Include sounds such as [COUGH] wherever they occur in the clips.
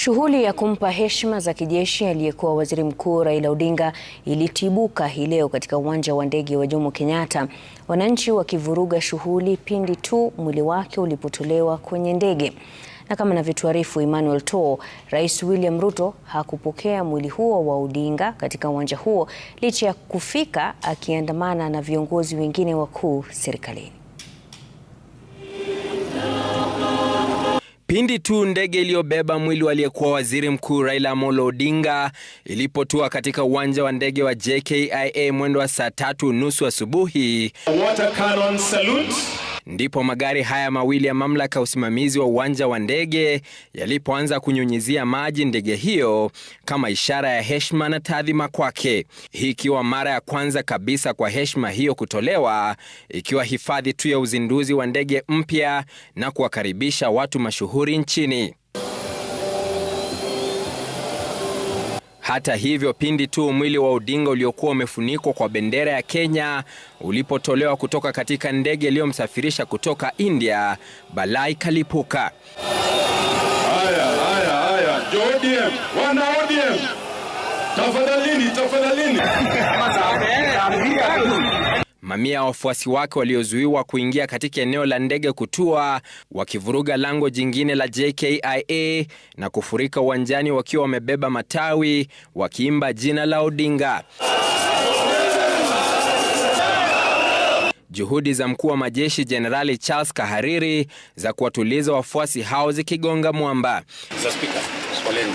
Shughuli ya kumpa heshima za kijeshi aliyekuwa Waziri Mkuu Raila Odinga ilitibuka hii leo katika uwanja wa ndege wa Jomo Kenyatta, wananchi wakivuruga shughuli pindi tu mwili wake ulipotolewa kwenye ndege. Na kama anavyotuarifu Emmanuel Too, Rais William Ruto hakupokea mwili huo wa Odinga katika uwanja huo licha ya kufika akiandamana na viongozi wengine wakuu serikalini. Pindi tu ndege iliyobeba mwili wa aliyekuwa waziri mkuu Raila Amolo Odinga ilipotua katika uwanja wa ndege wa JKIA mwendo wa saa tatu nusu asubuhi. Water cannon salute ndipo magari haya mawili ya mamlaka ya usimamizi wa uwanja wa ndege yalipoanza kunyunyizia maji ndege hiyo kama ishara ya heshima na taadhima kwake, hii ikiwa mara ya kwanza kabisa kwa heshima hiyo kutolewa, ikiwa hifadhi tu ya uzinduzi wa ndege mpya na kuwakaribisha watu mashuhuri nchini. Hata hivyo, pindi tu mwili wa Odinga uliokuwa umefunikwa kwa bendera ya Kenya ulipotolewa kutoka katika ndege iliyomsafirisha kutoka India, balaa ikalipuka. Haya, haya, haya. ODM, wana ODM. Tafadhalini, tafadhalini. [LAUGHS] mamia ya wafuasi wake waliozuiwa kuingia katika eneo la ndege kutua wakivuruga lango jingine la JKIA na kufurika uwanjani wakiwa wamebeba matawi wakiimba jina la Odinga. Juhudi za mkuu wa majeshi Jenerali Charles Kahariri za kuwatuliza wafuasi hao zikigonga mwamba. Poleni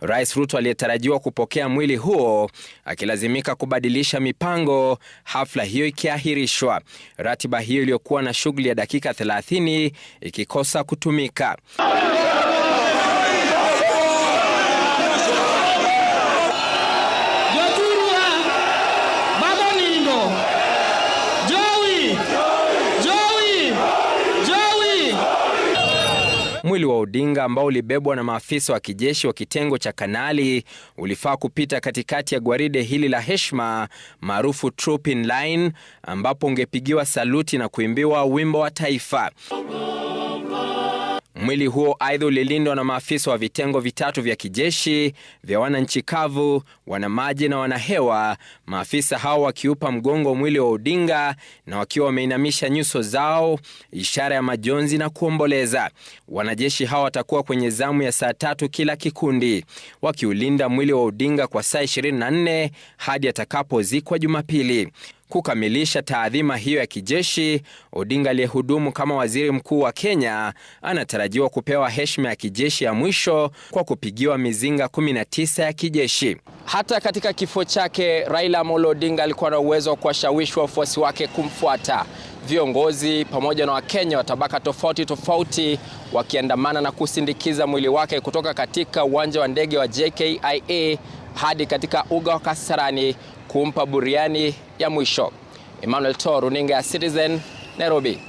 Rais Ruto aliyetarajiwa kupokea mwili huo akilazimika kubadilisha mipango, hafla hiyo ikiahirishwa, ratiba hiyo iliyokuwa na shughuli ya dakika 30 ikikosa kutumika. Mwili wa Odinga ambao ulibebwa na maafisa wa kijeshi wa kitengo cha kanali ulifaa kupita katikati ya gwaride hili la heshima maarufu Troop in Line, ambapo ungepigiwa saluti na kuimbiwa wimbo wa taifa. Mwili huo aidha ulilindwa na maafisa wa vitengo vitatu vya kijeshi vya wananchi kavu, wanamaji na wanahewa, maafisa hao wakiupa mgongo mwili wa Odinga na wakiwa wameinamisha nyuso zao, ishara ya majonzi na kuomboleza. Wanajeshi hao watakuwa kwenye zamu ya saa tatu kila kikundi, wakiulinda mwili wa Odinga kwa saa 24 hadi atakapozikwa Jumapili. Kukamilisha taadhima hiyo ya kijeshi, Odinga aliyehudumu kama waziri mkuu wa Kenya anatarajiwa kupewa heshima ya kijeshi ya mwisho kwa kupigiwa mizinga 19 ya kijeshi. Hata katika kifo chake, Raila Amolo Odinga alikuwa na uwezo wa kuwashawishi wafuasi wake kumfuata, viongozi pamoja na Wakenya wa tabaka tofauti tofauti wakiandamana na kusindikiza mwili wake kutoka katika uwanja wa ndege wa JKIA hadi katika uga wa Kasarani kumpa buriani ya mwisho. Emmanuel Toro, runinga ya Citizen, Nairobi.